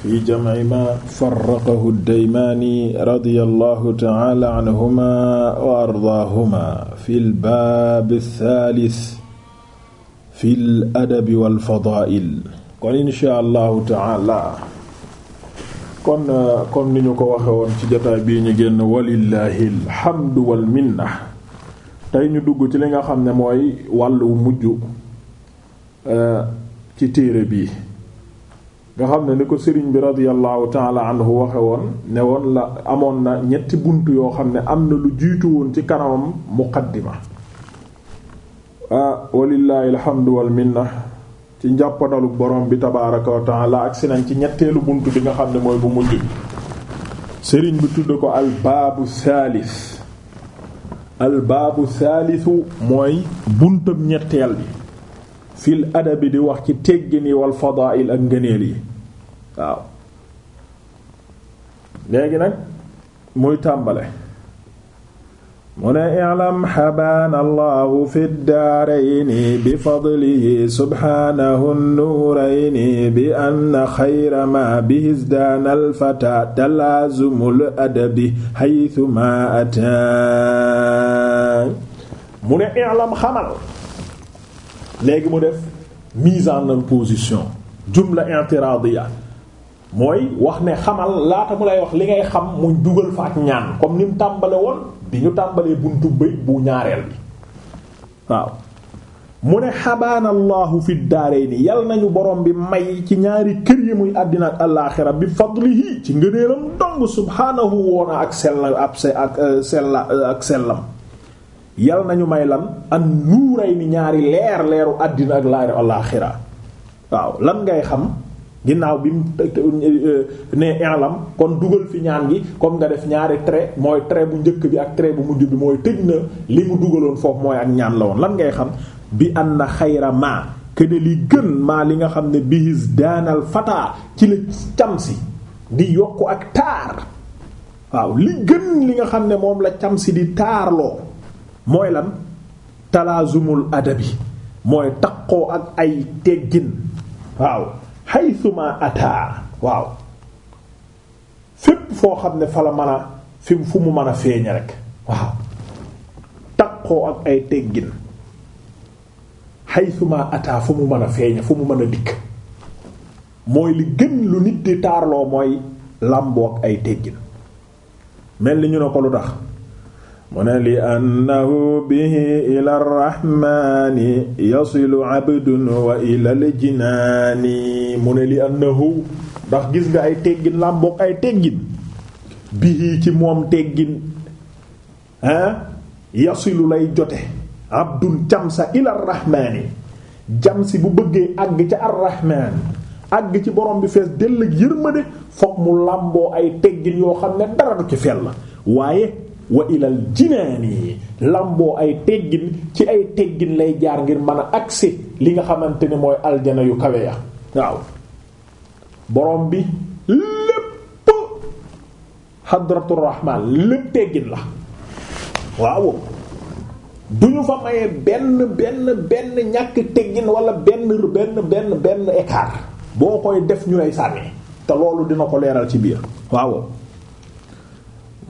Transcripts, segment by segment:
fi jamci ma farraqahu ddaymaani radiyallahu ta'ala anhuma wa ardaahuma fil baab thaalis fil adabi wal fadaa'il kon incha kon ni ñu ko waxe woon ci jotaay bii ñu génn walillahi alhamdu wal minna tey ñu dugg ci li nga xam ne mooy wàllu mujj eh, ci téere bii. nga xam ne ni ko sëriñ bi radiyallahu taala anhu waxe woon ne woon la amoon na ñetti bunt yoo xam ne am na lu jiitu woon ci kanamam muqaddima ah walillahi alhamdu wal minna ci njàppandalu borom bi tabaaraka wa taala ak si nañ ci ñetteelu bunt bi nga xam ne mooy bu mujj bi sëriñ bi tudd ko al baabu saalis al baabu saalisu mooy buntam ñetteel bi fil adabi di wax ci teggin yi wal fadaa'il ak ngëneel yi waaw nag muy tàmbale mu ne i'lam xabaana allahu fi daarayni bi fadlihi subhaanahu nuurayni bi anna xayra ma bihi izdaana alfataa talaazumul adabi haythu ma ataa mu ne xamal léegi mu def mise en position jumla i'tiraadiya mooy wax ne xamal laata mu lay wax li ngay xam mu dugal fa ak ñaan comme ni mu tàmbale woon di ñu tàmbalee buntu bëy bu ñaareel bi waaw mu ne xabaanallahu fi daarayni yal nañu borom bi may ci ñaari kër yi muy àddina ak alaaxira bi fadlihi ci ngëneelam dong subhaanahu woona ak sella ak euh, sella euh, ak sellam yal nañu may lan an nuurayni ñaari leer leeru àddina ak laaru alaaxira waaw lan ngay xam ginnaaw bi mu euh, ne i'lam kon dugal fi ñaan gi comme nga def ñaari trait mooy trait bu njëkk bi ak trait bu mujj bi mooy tëj na li mu dugaloon foofu mooy ak ñaan la woon lan ngay xam bi an na xayra ma këne li gën maa li nga xam ne bihis daanal fataa ci la camsi di yokk ak taar waaw li gën li nga xam ne moom la camsi di taarloo mooy lan talaazumul adabi mooy taqoo ak ay teggin waaw haythuma ata waaw fépp foo xam ne fa la mën a fi fu mu mën a feeñ rek waaw takkoo ak ay teggin haythuma ata fu mu mën a feeñ fu mu mën a dikk mooy li gën lu nit di taarloo mooy làmboo ak ay teggin mel ni ñu ne ko lu tax mu ne li annahu bihi ila arrahmani yasilu abdun wa ila aljinaani mu ne li annahu ndax gis nga ay teggin làmboog ay teggin bihi ci moom teggin ah yasilu lay jote abdun jamsa ila arrahmaani jamsi bu bëggee àgg ca arrahmaan àgg ci borom bi fees dell ak yërmande foog mu làmboo ay teggin yoo xam ne dara du ci fel la waaye wa ilal jinaani lamboo ay teggin ci ay teggin lay jaar ngir mën a accès li nga xamante ni mooy aljana yu kawe ya waaw borom bi lépp hadratu rahman lépp teggin la waaw du ñu fa mayee benn benn benn ñàkk teggin wala benn benn benn benn écart boo koy def ñu lay sànni te loolu dina ko leeral ci biir waaw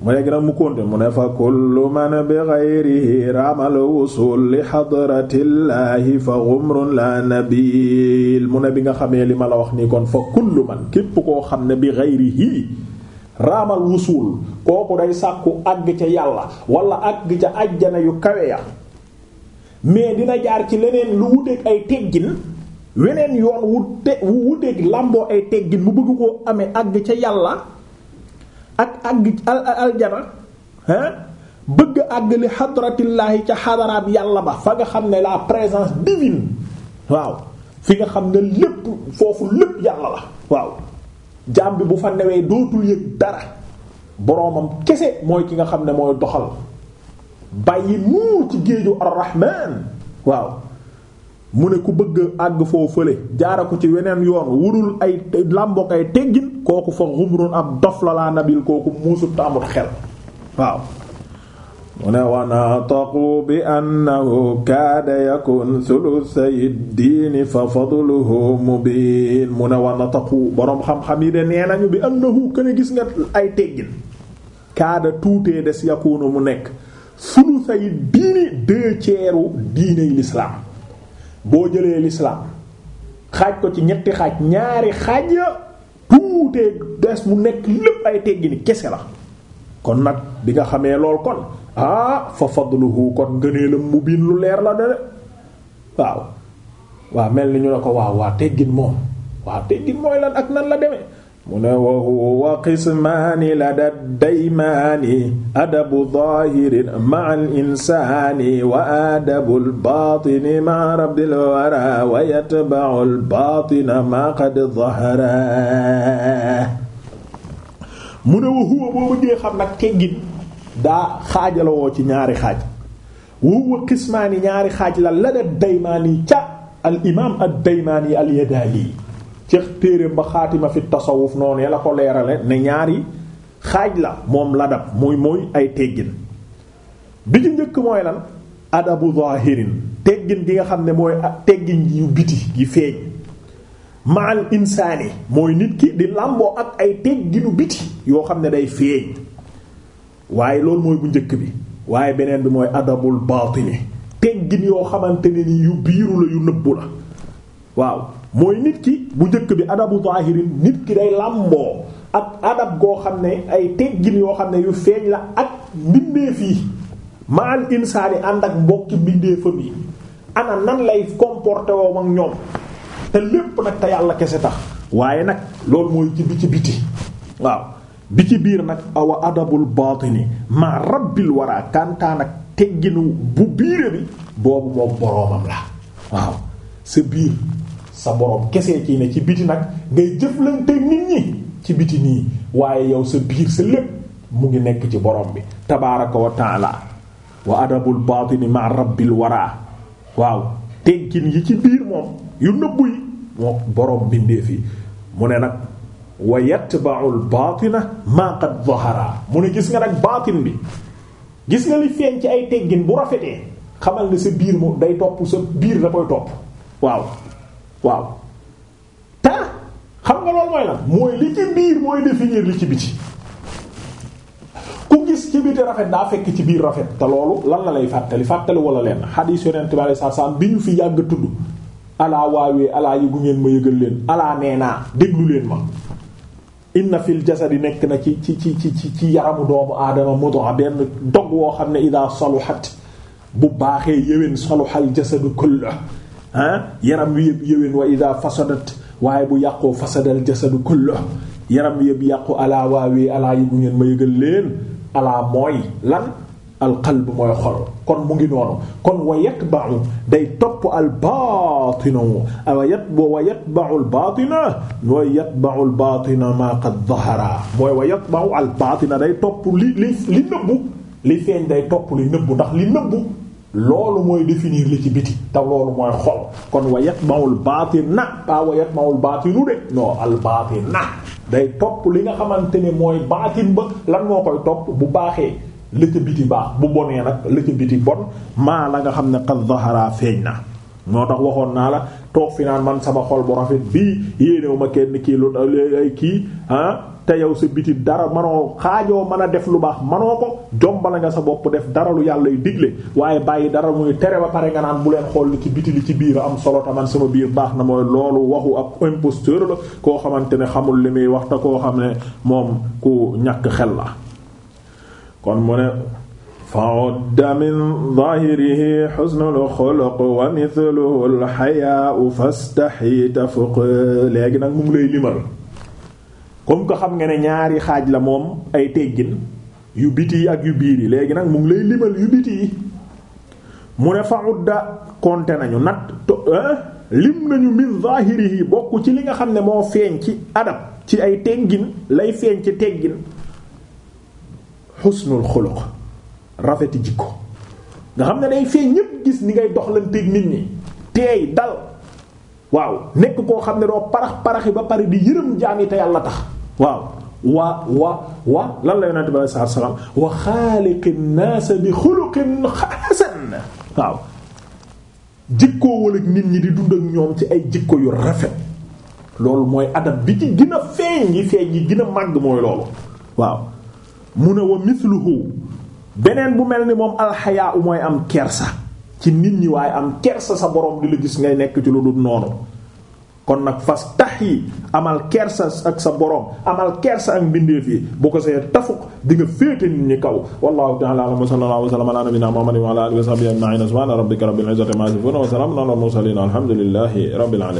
mu ne nag mu konte mu ne fa kullu man bi ghayrihi ramal wusul li hadratillahi fa ghumrun la nabil mu ne bi nga xamee li ma la wax nii kon fa kullu man képp koo xam ne bi ghayrihi raamal wusul kooku day sàkku àgg ca yàlla wala àgg ca ajjana yu kawe ya mais dina jaar ci leneen lu wuteeg ay teggin weneen yoon wu te wu wuteeg làmboo ay teggin mu bëgg koo amee àgg ca yàlla ak àgg al aljana ah bëgg àgg li xadratillaahi ca xadaraat yàlla ba fa nga xam ne la présence divine waaw fi nga xam ne lépp foofu lépp yàlla la waaw jaam bi bu fa newee dootul yëg dara boroomam kese mooy ki nga xam ne mooy doxal bàyyi muur ci géeju ar waaw mu ne ku bëgg àgg foo fële jaara ko ci weneen yoon wurul ay làmbook ay teggin kooku fa xumrun ab dof la laa nabil kooku muusut ta amut xel waaw mu ne wanataqu bi annahu kaada yakun sulusay diini fa fadluhu mubin mu ne wanataqu boroom xam-xam yi de nee nañu bi annahu kën a gis nga ay teggin kaada tuutee des yakunu mu nekk sulusay diini deux tiers diiney boo jëlee l'islam xaaj ko ci ñetti xaaj ñaari xaaj tuutee des mu nekk lépp ay teggini kese la kon nag bi nga xamee lool kon ah fa fadluhu kon ngëneelam mu biin lu leer la de waaw waaw mel ni ñu ne ko waaw waa teggin moom waa teggin mooy lan ak nan la demee mu ne wa huwa qismaani la da daymaani adabu zaahirin ma al insaani wa adabu al baatini ma rabbil wara wa yatba'u al baatina ma qad zahara mu ne wa huwa boo bëggee xam nag teggin daa xaajalawoo ci ñaari xaaj wa huwa qismaani ñaari xaaj la la da daymaani ca al imaam ad daymaani al yadaali ci téereem ba xaatima fi tasawuf noonu la ko leerale ne ñaari xaaj la moom ladab muy mooy ay teggin bi ci njëkk mooy lan adabu zahirin teggin gi nga xam ne mooy teggin yu biti yi feeñ maal insaani mooy nit ki di làmboo ak ay tegginu biti yoo xam ne day feeñ waaye lool mooy bu njëkk bi waaye beneen bi mooy adabul baatini teggin yoo xamante ni yu biiru la yu nëbbu la waaw mooy nit ki bu njëkk bi adabu zahirin nit ki day làmboo ak adab goo xam ne ay teggin yoo xam ne yu feeñ la ak mbindeef yi ma al insaani ànd ak mbokki mbindeefam yi ana nan lay comporté woo ak ñoom te lépp nag te yàlla kese tax waaye nag loolu mooy ci bi ci biti waaw ci biir nag awa adabul baatini ma rabbil wara kantaan ak tegginu bu biire bi boobu moom boroomam la waaw sa biir sa borom kese ci ne ci biti nag ngay jëflante nit ñi ci biti nii waaye yow sa biir sa lépp mu ngi nekk ci boroom bi tabaaraka wa taala wa adabul baatini ma rabbil waraa waaw tegkin yi ci biir moom yu nëbbu yi moo borom bindeef yi mu ne nag wa yatba'ul baatina ma qad zahara mu ne gis nga nag baatin bi gis nga li feeñ ci ay teggin bu rafetee xamal ne sa biir mu day topp sa biir da koy topp waaw waaw te xam nga loolu mooy lan mooy li ci biir mooy définir li ci biti ku gis ci biti rafet daa fekk ci biir rafet te loolu lan la lay fàttali fàttali wala leen xadiis yonent bi saa saam bi ñu fi yàgg tudd alaa waawee alaa yëgu ngeen ma yëgal leen alaa nee naa déglu leen ma inna fil jasadi nekk na ci ci ci ci ci yaramu doomu aadama mudra benn dog woo xam ne idaa xat bu baaxee yéwén saluhal jasadu kullu ah yaram wi yëpp yëwén wa ida fasadat waaye bu yàqoo fasadal jasadu kullu yaram yëpp yàqu alaa waawee alaa yëgu ngeen ma yëgal leen alaa mooy lan alqalb mooy xol kon mu ngi noonu kon wa yatba'u day topp albatina wa yatba wa yatba'u albatina wa yatba'u albatina ma qad dhahara mooy wa yatba'u albatina day topp li li li nëbbu li feeñ day topp li nëbbu ndax li nëbbu loolu mooy définir li ci biti te loolu mooy xol kon wa yatma'ul baatin na pas wa yatma'ul baatinu de non al baatin na day topp li nga xamante ne mooy baatin ba lan moo koy topp bu baaxee la ca biti baax bu bonee nag la ca biti bon maa la nga xam ne qad zahara feeñ na moo tax waxoon naa la toog fi naan man sama xol bu rafet bii yéenéew ma kenn kii lu ay kii ah te yow sa biti dara manoo xaajoo mën a def lu baax manoo ko jombala nga sa bopp def dara lu yàlla yu digle waaye bàyyi dara muy tere ba pare nga naan bu leen xool li ci biti li ci biir am solo taman sama biir baax na mooy loolu waxu ak imposteur la koo xamante ne xamul li muy wax te koo xam ne moom ku ñàkk xel la kon mu ne fa'udda min zahirihi husnul xuluq wa mithluhu al-hayaa'u fastahi tafuq léegi nag mu ngi lay limal comme que xam nga ne ñaari xaaj la moom ay teggin yu biti yi ak yu biir yi léegi nag mu ngi lay limal yu biti yi mu ne fa'udda konte nañu nat lim nañu min zahirihi bokk ci li nga xam ne moo feeñ ci adab ci ay teggin lay feeñ ci teggin husnul xuluq rafeti jikko nga xam ne day feeñ ñépp gis ni ngay doxlanteeg nit ñi teey dal waaw nekk koo xam ne doo parax paraxi ba pare di yërëm jaam yi te yàlla tax waaw wa wa wa lan la yonente bi alei salatu salaam waaw jikkoo ak nit ñi di dund ak ñoom ci ay jikko yu rafet loolu mooy adab bi ci gën feeñ yi feeñ yi gina a màgg mooy loolu waaw mu ne wa mithluhu beneen bu mel ni moom alxayaa u mooy am kersa ci nit ñi waaye am kersa sa borom di la gis ngay nekk ci lu dul noonu kon nag fas tax yi amal kersa ak sa borom amal kersa ak mbindeef yi bu ko see tafuk di nga nit ñi kaw wallahu ta'ala a'lam wa sallallahu wa sallama ala nabiyyina muhammadin wa ala alihi wa sahbihi ajma'in subhana rabbika rabbil izzati amma yasifun wa salamun ala al mursalin alhamdulillahi rabbil alamin